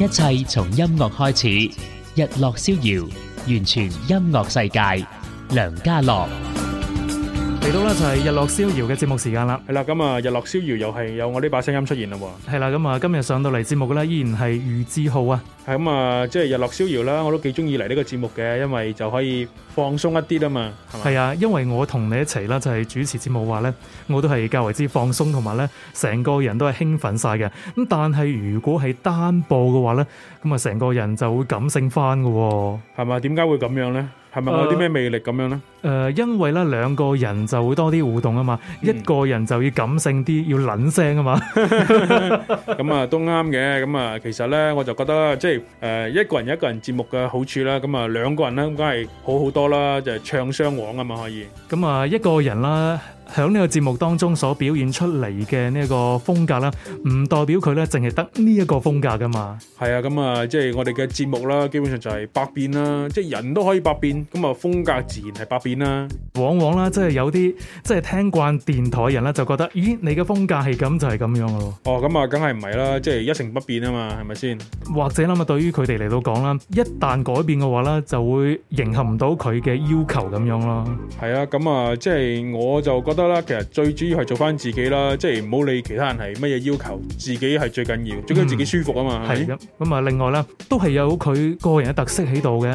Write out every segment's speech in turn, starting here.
一切從音樂開始，日落逍遙，完全音樂世界，梁嘉樂。嚟到啦，就係日落逍遙嘅節目時間啦。係啦，咁啊，日落逍遙又係有我呢把聲音出現啦。係啦，咁啊，今日上到嚟節目嘅咧，依然係俞志浩啊。係咁啊，即係日落逍遙啦，我都幾中意嚟呢個節目嘅，因為就可以放鬆一啲啊嘛。係咪？係啊，因為我同你一齊啦，就係主持節目話咧，我都係較為之放鬆，同埋咧，成個人都係興奮晒嘅。咁但係如果係單播嘅話咧，咁啊，成個人就會感性翻噶。係咪？點解會咁樣咧？係咪有啲咩魅力咁樣咧？誒，uh, uh, 因為咧兩個人就會多啲互動啊嘛，嗯、一個人就要感性啲，要冧聲啊嘛，咁啊都啱嘅。咁啊，其實咧我就覺得即係誒、呃，一個人一個人節目嘅好處啦，咁啊兩個人咧應該係好好多啦，就係、唱雙簧啊嘛可以。咁啊，一個人啦。響呢個節目當中所表現出嚟嘅呢個風格啦，唔代表佢咧淨係得呢一個風格噶嘛。係啊，咁、呃、啊，即係我哋嘅節目啦，基本上就係百變啦，即係人都可以百變，咁啊風格自然係百變啦。往往啦，即係有啲即係聽慣電台人咧，就覺得，咦，你嘅風格係咁就係、是、咁樣咯。哦，咁啊，梗係唔係啦，即係一成不變啊嘛，係咪先？或者諗下，對於佢哋嚟到講啦，一旦改變嘅話咧，就會迎合唔到佢嘅要求咁樣咯。係啊，咁啊、呃，即係我就覺。得啦，其實最主要係做翻自己啦，即係唔好理其他人係乜嘢要求，自己係最緊要，最緊要自己舒服啊嘛。係咁咁啊，另外啦，都係有佢個人嘅特色喺度嘅。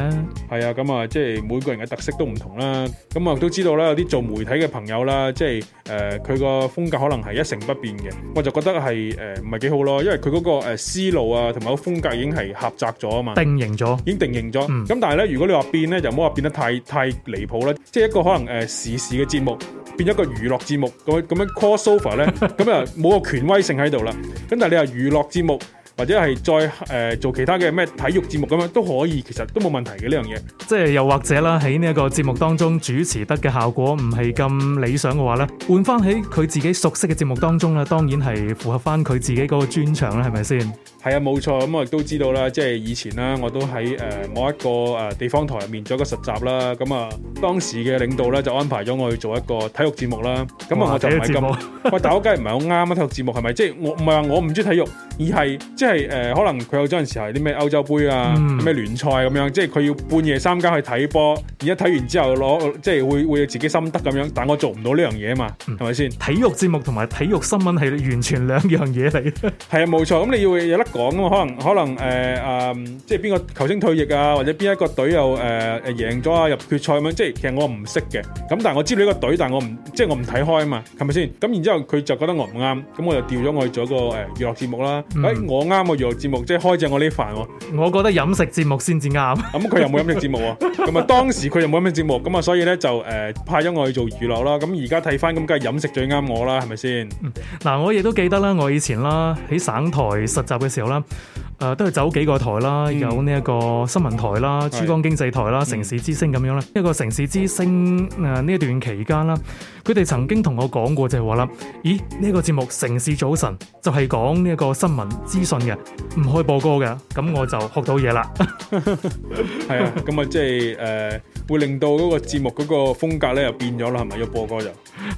係啊，咁啊，即係每個人嘅特色都唔同啦。咁啊，我都知道啦，有啲做媒體嘅朋友啦，即係誒，佢個風格可能係一成不變嘅，我就覺得係誒唔係幾好咯，因為佢嗰個誒思路啊，同埋個風格已經係狹窄咗啊嘛，定型咗，已經定型咗。咁但係咧，如果你話變咧，就唔好話變得太太離譜啦。即係一個可能誒時事嘅節目，變咗個娛樂節目咁樣 cross over 咧，咁啊冇個權威性喺度啦。咁但係你話娛樂節目，或者係再誒、呃、做其他嘅咩體育節目咁樣都可以，其實都冇問題嘅呢樣嘢。即係又或者啦，喺呢一個節目當中主持得嘅效果唔係咁理想嘅話咧，換翻喺佢自己熟悉嘅節目當中啦，當然係符合翻佢自己嗰個專長啦，係咪先？係啊，冇錯。咁、嗯、我亦都知道啦，即係以前啦，我都喺誒、呃、某一個誒地方台入面做一個實習啦。咁、嗯、啊、嗯，當時嘅領導咧就安排咗我去做一個體育節目啦。咁、嗯、啊，哇我就唔係咁喂，大 我梗係唔係好啱啊！體育節目係咪？即係我唔係話我唔中意體育，而係。即係誒、呃，可能佢有陣時係啲咩歐洲杯啊，咩聯賽咁樣，即係佢要半夜三更去睇波，而家睇完之後攞，即係會會有自己心得咁樣。但我做唔到呢樣嘢嘛，係咪先？體育節目同埋體育新聞係完全兩樣嘢嚟。 係啊，冇錯。咁你要有得講啊嘛？可能可能誒誒、呃呃，即係邊個球星退役啊，或者邊一個隊又誒誒贏咗啊，入決賽咁樣。即係其實我唔識嘅，咁但係我知道呢個隊，但我唔即係我唔睇開啊嘛，係咪先？咁然之後佢就覺得我唔啱，咁我就調咗我去做一個誒娛樂節目啦。誒、嗯，我啱、嗯。啱個娛樂節目，即係開正我呢飯喎。我覺得飲食節目先至啱。咁佢有冇飲食節目啊？咁啊，當時佢又冇飲食節目，咁啊， 所以咧就誒派咗我去做娛樂啦。咁而家睇翻咁，梗係飲食最啱我啦，係咪先？嗱、嗯，我亦都記得啦，我以前啦喺省台實習嘅時候啦。誒、呃，都係走幾個台啦，嗯、有呢一個新聞台啦、嗯、珠江經濟台啦、是城市之聲咁樣啦。嗯、一個城市之聲誒呢一段期間啦，佢哋曾經同我講過就係話啦，咦呢、這個節目城市早晨就係講呢一個新聞資訊嘅，唔可以播歌嘅。咁我就學到嘢啦。係 啊，咁啊即係誒，會令到嗰個節目嗰個風格咧又變咗啦，係咪要播歌就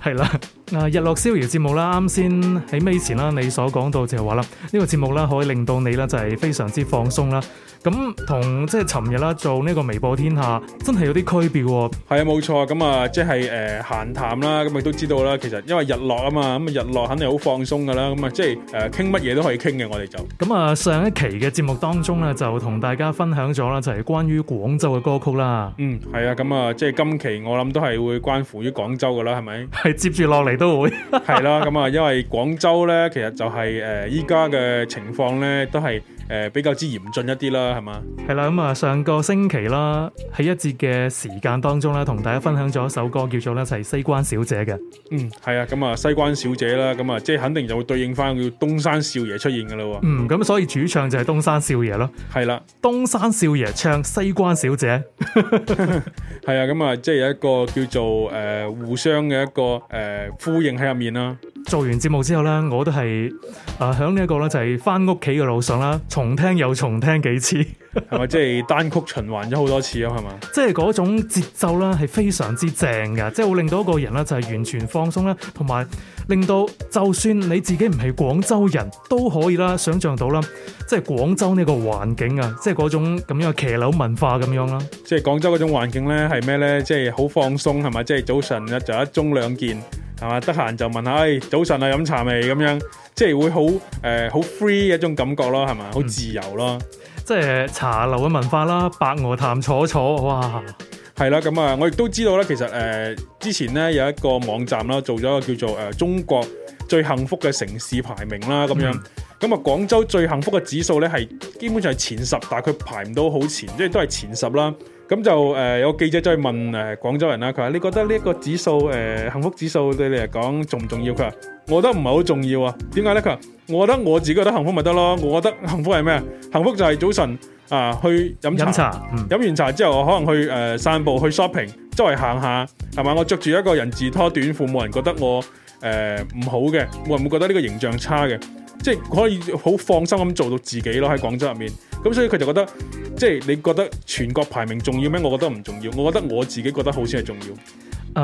係啦。 日落逍遙節目啦，啱先喺尾前啦，你所講到就係話啦，呢、呢個節目啦可以令到你啦就係非常之放鬆啦。咁同即係尋日啦，做呢個微博天下真係有啲區別喎。係啊，冇錯啊。咁啊，即係誒閒談啦。咁亦都知道啦。其實因為日落啊嘛，咁啊日落肯定好放鬆噶啦。咁啊，即係誒傾乜嘢都可以傾嘅。我哋就咁啊，上一期嘅節目當中咧，就同大家分享咗啦，就係關於廣州嘅歌曲啦。嗯，係啊。咁啊，即係今期我諗都係會關乎於廣州噶啦，係咪？係接住落嚟都會係啦。咁 啊，因為廣州咧，其實就係誒依家嘅情況咧，都係誒比較之嚴峻一啲啦。係嘛？係啦，咁啊，上個星期啦，喺一節嘅時間當中啦，同大家分享咗一首歌，叫做咧就係《西關小姐》嘅。嗯，係啊，咁啊，《西關小姐》啦，咁啊，即係肯定就會對應翻叫東山少爺出現噶啦。嗯，咁所以主唱就係東山少爺咯。係啦，啊，東山少爺唱《西關小姐》 係啊，咁啊，即係有一個叫做誒、呃、互相嘅一個誒、呃、呼應喺入面啦。做完節目之後呢，我都係誒響呢一個就係返屋企嘅路上啦，重聽又重聽幾次。係咪即係單曲循環咗好多次啊？係嘛，即係嗰種節奏咧，係非常之正噶，即係會令到一個人咧就係完全放鬆啦，同埋令到就算你自己唔係廣州人都可以啦，想象到啦，即係廣州呢個環境啊，即係嗰種咁樣嘅騎樓文化咁樣啦。即係廣州嗰種環境咧，係咩咧？即係好放鬆係咪？即係早晨咧就一盅兩件係嘛？得閒就問下，早晨啊飲茶未？咁樣即係會好誒好 free 一種感覺咯係咪？好自由咯。 即係茶樓嘅文化啦，白鵝潭坐坐，哇！係啦，咁啊，我亦都知道啦。其實誒、呃，之前咧有一個網站啦，做咗一個叫做誒、呃、中國最幸福嘅城市排名啦，咁樣。咁啊、嗯，廣州最幸福嘅指數咧係基本上係前十，但係佢排唔到好前，即係都係前十啦。咁就誒、呃、有記者再問誒、呃、廣州人啦，佢話：你覺得呢一個指數誒、呃、幸福指數對你嚟講重唔重要？佢話：我覺得唔係好重要啊。點解咧？佢話：我覺得我自己覺得幸福咪得咯。我覺得幸福係咩？幸福就係早晨啊、呃、去飲茶，飲茶，嗯、飲完茶之後可能去誒、呃、散步去 shopping，周圍行下係嘛？我着住一個人字拖短褲，冇人覺得我誒、呃、唔好嘅，冇人會覺得呢個形象差嘅，即係可以好放心咁做到自己咯，喺廣州入面。咁所以佢就覺得。即係你覺得全國排名重要咩？我覺得唔重要。我覺得我自己覺得好似係重要。誒、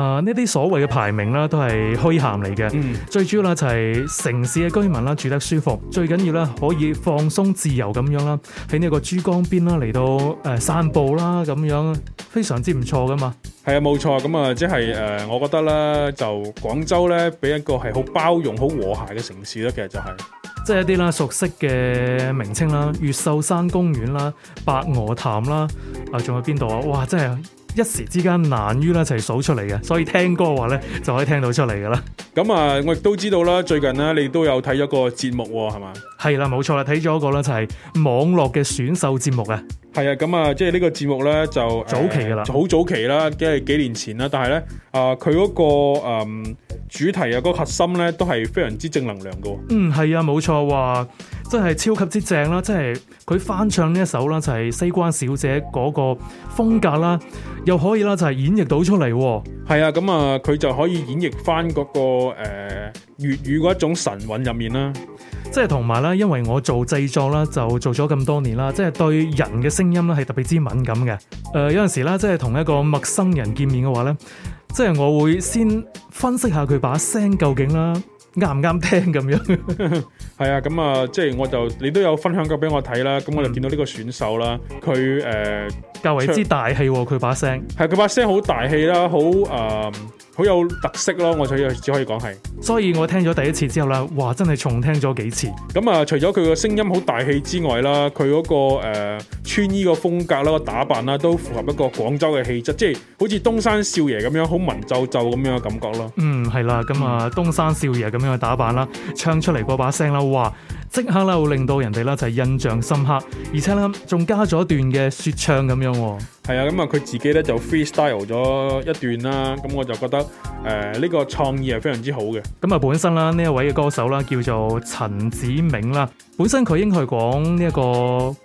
呃，呢啲所謂嘅排名啦，都係虛銜嚟嘅。嗯，最主要咧就係城市嘅居民啦，住得舒服，最緊要咧可以放鬆自由咁樣啦，喺呢個珠江邊啦，嚟到誒、呃、散步啦咁樣，非常之唔錯㗎嘛。係啊，冇錯。咁、嗯、啊，即係誒、呃，我覺得咧就廣州咧，俾一個係好包容、好和諧嘅城市咯，其實就係、是。即係一啲熟悉嘅名稱啦，越秀山公園啦，白鵝潭啦，啊，仲有邊度啊？哇！真係～一時之間難於咧一齊數出嚟嘅，所以聽歌嘅話咧就可以聽到出嚟噶啦。咁啊、嗯，我亦都知道啦，最近咧你都有睇咗個節目係嘛？係啦，冇錯啦，睇咗一個咧就係網絡嘅選秀節目啊。係啊，咁、嗯、啊，即係呢個節目咧就、呃、早期噶啦，好早期啦，即係幾年前啦。但係咧啊，佢、呃、嗰、嗰個誒、嗯、主題啊，嗰個核心咧都係非常之正能量噶。嗯，係啊，冇錯話。真係超級之正啦！即係佢翻唱呢一首啦，就係、是、西關小姐嗰個風格啦，又可以啦，就係、是、演繹到出嚟。係啊，咁啊，佢就可以演繹翻嗰、那個誒、呃、粵語嗰一種神韻入面啦。即係同埋啦，因為我做製作啦，就做咗咁多年啦，即係對人嘅聲音咧係特別之敏感嘅。誒、呃、有陣時咧，即係同一個陌生人見面嘅話呢，即係我會先分析下佢把聲究竟啦，啱唔啱聽咁樣。 係啊，咁啊，即係我就你都有分享過俾我睇啦，咁我就見到呢個選手啦，佢誒較為之大氣、哦，佢把聲係佢把聲好大氣啦，好誒好有特色咯，我就只可以講係。所以我聽咗第一次之後咧，哇，真係重聽咗幾次。咁啊、嗯，除咗佢個聲音好大氣之外啦，佢嗰、嗰個誒、呃、穿衣個風格啦、個打扮啦，都符合一個廣州嘅氣質，即係好似東山少爺咁樣，好文縐縐咁樣嘅感覺咯。嗯，係啦，咁啊，嗯、東山少爺咁樣嘅打扮啦，唱出嚟嗰把聲啦。哇，即刻啦，會令到人哋啦就係、是、印象深刻，而且啦仲加咗一段嘅說唱咁樣、哦。係啊，咁啊佢自己咧就 freestyle 咗一段啦，咁我就覺得誒呢、呃這個創意係非常之好嘅。咁啊本身啦呢一位嘅歌手啦叫做陳子明啦，本身佢應該係講呢一個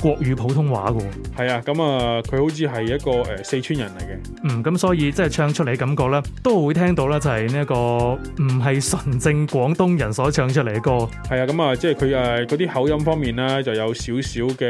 國語普通話噶。係啊，咁啊佢好似係一個誒、呃、四川人嚟嘅，嗯，咁所以即係唱出嚟感覺咧都係會聽到啦，就係呢一個唔係純正廣東人所唱出嚟嘅歌。係啊，咁啊即係佢誒嗰啲口音方面咧就有少少嘅誒，即、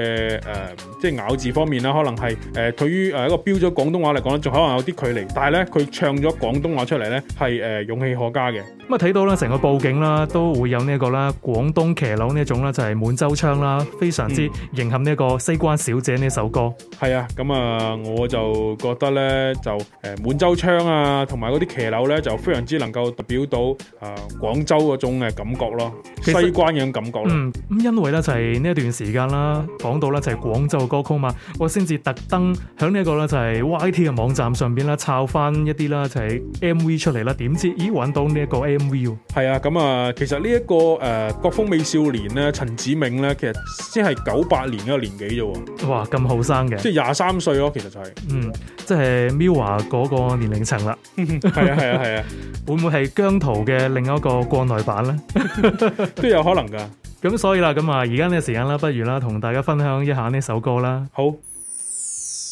呃、係、就是、咬字方面啦，可能係誒對於。呃呃、一個標咗廣東話嚟講咧，仲可能有啲距離，但係咧佢唱咗廣東話出嚟咧，係誒、呃、勇氣可嘉嘅。咁啊睇到咧成個佈景啦，都會有呢一個啦廣東騎樓呢一種啦，就係滿洲窗啦，非常之迎合呢一個西關小姐呢首歌。係啊、嗯，咁啊我就覺得咧就誒、呃、滿洲窗啊，同埋嗰啲騎樓咧，就非常之能夠代表到啊、呃、廣州嗰種嘅感覺咯，其實、西關嘅感覺咯。咁、嗯嗯、因為咧就係呢一段時間啦，講到咧就係廣州嘅歌曲嘛，我先至特登喺呢。個咧就係 YT 嘅網站上邊啦，抄翻一啲啦，就係、是、MV 出嚟啦。點知，咦、啊，搵到呢一個 MV 哦。係啊，咁啊，其實呢一個誒、國風美少年咧，陳子明咧，其實先係九八年嘅年紀啫。哇，咁後生嘅，即係廿三歲咯，其實就係。嗯，即係 MIRROR 嗰個年齡層啦。係 啊，係啊，係啊。 會唔會係姜濤嘅另一個國內版咧？ 都有可能噶。咁所以啦，咁啊，而家呢個時間啦，不如啦，同大家分享一下呢首歌啦。好。